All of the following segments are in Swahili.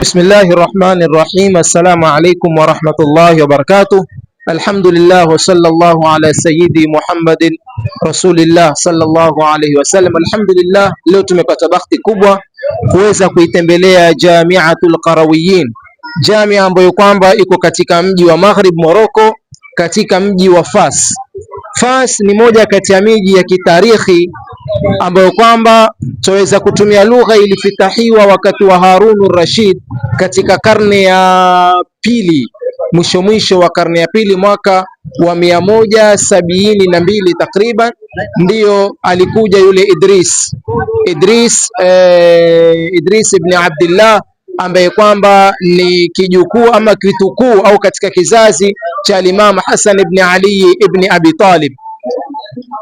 Bismillahi rahmani rahim. Assalamu alaikum warahmatullahi wabarakatuh. Alhamdulillah wa sallallahu ala sayyidi Muhammadin rasulillah sallallahu alayhi wasallam. Alhamdulillah, leo tumepata bahati kubwa kuweza kuitembelea Jamiatul Qarawiyin, jamia ambayo kwamba iko katika mji wa Maghrib Morocco, katika mji wa Fas. Fas ni moja kati ya miji ya kitarikhi ambayo kwamba twaweza kutumia lugha ilifitahiwa wakati wa Harun Rashid katika karne ya pili, mwisho mwisho wa karne ya pili, mwaka wa mia moja sabini na mbili takriban, ndiyo alikuja yule Idris Idris, eh, Idris ibn Abdillah ambaye kwamba ni kijukuu ama kitukuu au katika kizazi cha Imam Hasan ibn Ali ibn Abi Talib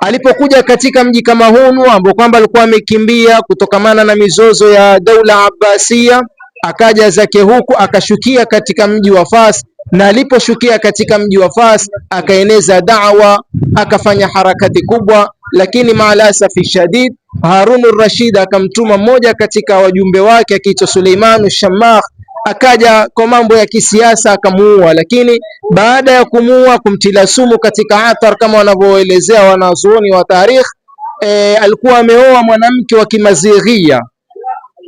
alipokuja katika mji kama hunu ambao kwamba alikuwa amekimbia kutokamana na mizozo ya daula Abbasia, akaja zake huku akashukia katika mji wa Fas, na aliposhukia katika mji wa Fas akaeneza da'wa, akafanya harakati kubwa, lakini safi shadid Harun Rashid akamtuma mmoja katika wajumbe wake akiitwa Suleimanu Shamakh akaja kwa mambo ya kisiasa akamuua, lakini baada ya kumuua kumtila sumu katika athar, kama wanavyoelezea wanazuoni wa tarikh e, alikuwa ameoa mwanamke wa Kimazighiya,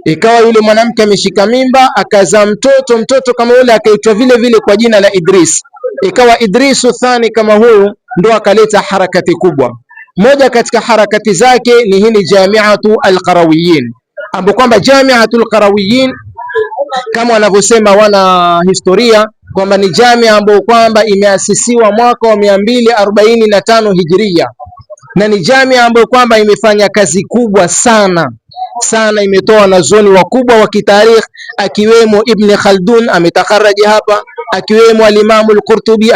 ikawa yule mwanamke ameshika mimba akazaa mtoto. Mtoto kama yule akaitwa vile vile kwa jina la Idris, ikawa Idrisu thani kama huyu, ndo akaleta harakati kubwa. Moja katika harakati zake ni hili Jamiatu Alqarawiyin, ambapo kwamba Jamiatu Alqarawiyin kama wanavyosema wana historia kwamba ni jamia ambayo kwamba imeasisiwa mwaka wa mia mbili arobaini na tano hijiria, na ni jamia ambayo kwamba imefanya kazi kubwa sana sana, imetoa zoni wakubwa wa kitarikh akiwemo Ibn Khaldun ametakharaji hapa, akiwemo alimamu al-Qurtubi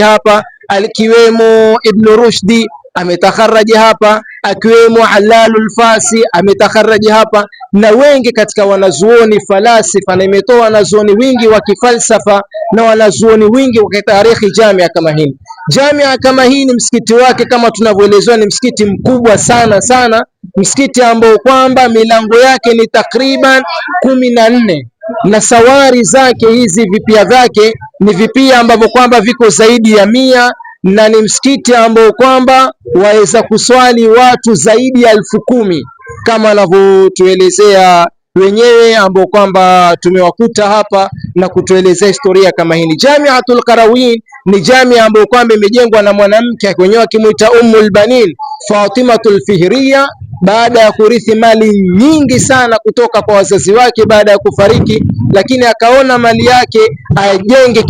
hapa, akiwemo Ibn Rushdi ametakharaji hapa akiwemo Halalul Fasi ametakharaji hapa, na wengi katika wanazuoni falasifa, na imetoa wanazuoni wingi wa kifalsafa na wanazuoni wingi wa kitarikhi. Jamia kama hii jamia kama hii ni msikiti wake, kama tunavyoelezewa, ni msikiti mkubwa sana sana, msikiti ambao kwamba milango yake ni takriban kumi na nne na sawari zake hizi vipia vyake ni vipia ambavyo kwamba viko zaidi ya mia na ni msikiti ambao kwamba waweza kuswali watu zaidi ya elfu kumi kama wanavyotuelezea wenyewe ambao kwamba tumewakuta hapa na kutuelezea historia kama hii. Ni Jamiatul Qarawin, ni jamia ambayo kwamba imejengwa na mwanamke wenyewe akimwita Ummul Banin Fatimatul Fihriya baada ya kurithi mali nyingi sana kutoka kwa wazazi wake baada ya kufariki, lakini akaona mali yake ajenge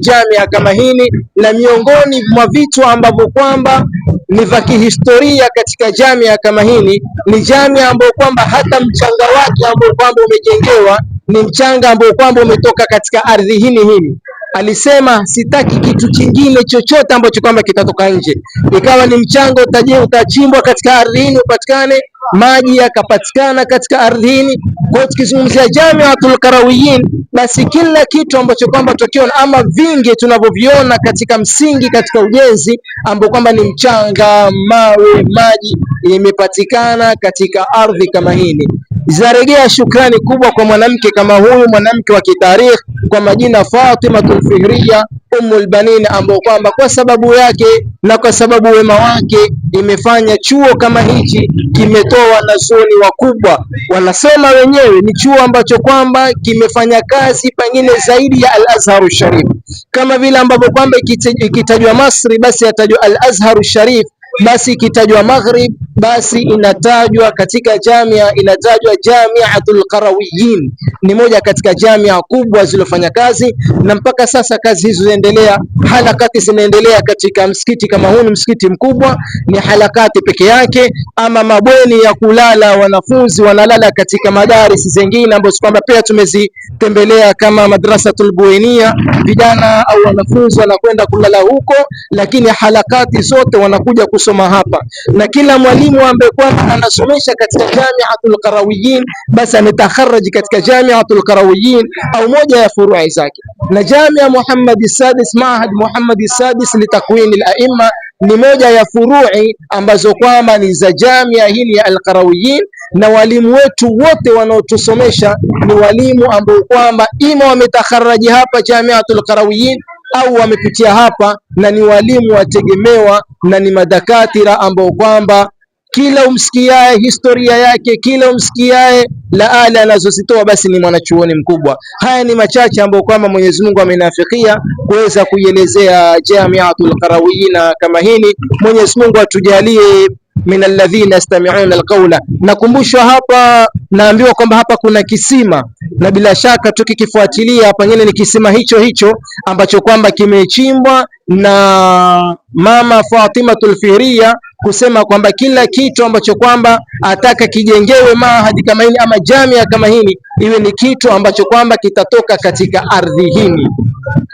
jamia kama hili. Na miongoni mwa vitu ambavyo kwamba ni vya kihistoria katika jamia kama hili, ni jamia ambayo kwamba hata mchanga wake ambao kwamba umejengewa ni mchanga ambao kwamba umetoka katika ardhi hili hili alisema sitaki kitu kingine chochote ambacho kwamba kitatoka nje, ikawa ni mchango utaje utachimbwa katika ardhi hii upatikane maji yakapatikana katika hii. Kwa hiyo tukizungumzia Jamiatul Karawiyin, basi kila kitu ambacho kwamba tukiona ama vingi tunavyoviona katika msingi, katika ujenzi ambao kwamba ni mchanga, mawe, maji, imepatikana katika ardhi kama hii zarejea shukrani kubwa kwa mwanamke kama huyu, mwanamke wa kitarikh kwa majina Fatima Fihriya Ummul Banin, ambao kwamba kwa sababu yake na kwa sababu wema wake imefanya chuo kama hichi kimetoa wanazuoni wakubwa. Wanasema wenyewe ni chuo ambacho kwamba kimefanya kazi pengine zaidi ya Al-Azharu Sharif, kama vile ambavyo kwamba ikitajwa Masri basi yatajwa Al-Azharu Sharif basi ikitajwa Maghrib basi inatajwa katika jamia, inatajwa Jamiatul Qarawiyin. Ni moja katika jamia kubwa zilizofanya kazi, na mpaka sasa kazi hizo zinaendelea, halakati zinaendelea katika msikiti kama huu. Ni msikiti mkubwa, ni halakati peke yake. Ama mabweni ya kulala wanafunzi wanalala katika madaris zingine ambazo kwamba pia tumezitembelea kama Madrasatul Buenia, vijana au wanafunzi wanakwenda kulala huko, lakini halakati zote wanakuja kus kusoma hapa, na kila mwalimu ambaye kwamba anasomesha katika Jamiatul Qarawiyin basi ametaharaji katika Jamiatul Qarawiyin au moja ya furui zake. Na Jamia Muhammad Sadis, Mahad Muhammad Sadis litakwini al-aimma ni moja ya furui ambazo kwamba ni za jamia hili ya Alqarawiyin, na walimu wetu wote wanaotusomesha ni walimu ambao kwamba ima wametaharaji hapa Jamiatul Qarawiyin au wamepitia hapa na ni walimu wategemewa na ni madakatira ambao kwamba kila umsikiaye historia yake, kila umsikiaye laala anazozitoa basi ni mwanachuoni mkubwa. Haya ni machache ambayo kwamba Mwenyezi Mungu amenafikia kuweza kuielezea Jamiatul Qarawiyina kama hili. Mwenyezi Mungu atujalie min alladhina yastami'una alqawla. Nakumbushwa hapa, naambiwa kwamba hapa kuna kisima, na bila shaka tukikifuatilia pengine ni kisima hicho hicho ambacho kwamba kimechimbwa na mama Fatimatul Fihriya kusema kwamba kila kitu ambacho kwamba ataka kijengewe mahadi kama hili ama jamia kama hili iwe ni kitu ambacho kwamba kitatoka katika ardhi hini.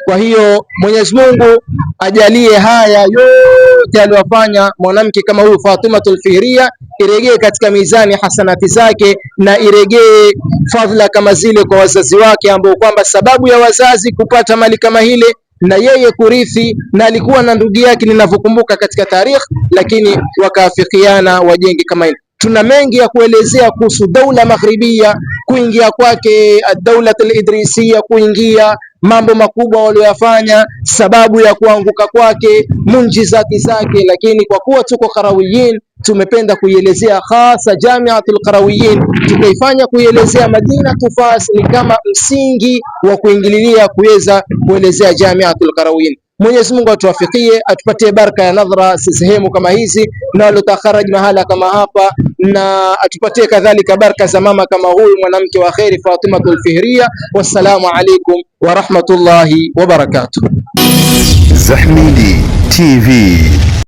Kwa hiyo Mwenyezi Mungu ajalie haya yote aliyofanya mwanamke kama huyu Fatimatul Fihriya iregee katika mizani hasanati zake, na iregee fadhila kama zile kwa wazazi wake, ambao kwamba sababu ya wazazi kupata mali kama hile na yeye kurithi, na alikuwa na ndugu yake ninavyokumbuka katika tarikh, lakini wakaafikiana wajenge kama hili. Tuna mengi ya kuelezea kuhusu daula maghribia, kuingia kwake daula al kuingia mambo makubwa walioyafanya, sababu ya kuanguka kwake, munjizati zake, lakini kwa kuwa tuko Karawiyin tumependa kuielezea hasa Jamiatul Qarawiyin, tukaifanya kuielezea Madina Tufas ni kama msingi wa kuingililia kuweza kuelezea Jamiatul Qarawiyin. Mwenyezi Mungu atuwafikie, atupatie baraka ya nadhara sehemu kama hizi na waliotakharaj mahala kama hapa, na atupatie kadhalika baraka za mama kama huyu mwanamke wa kheri Fatimatul Fihriya. Wassalamu alaikum wa rahmatullahi wa barakatuh. Zahmidi TV.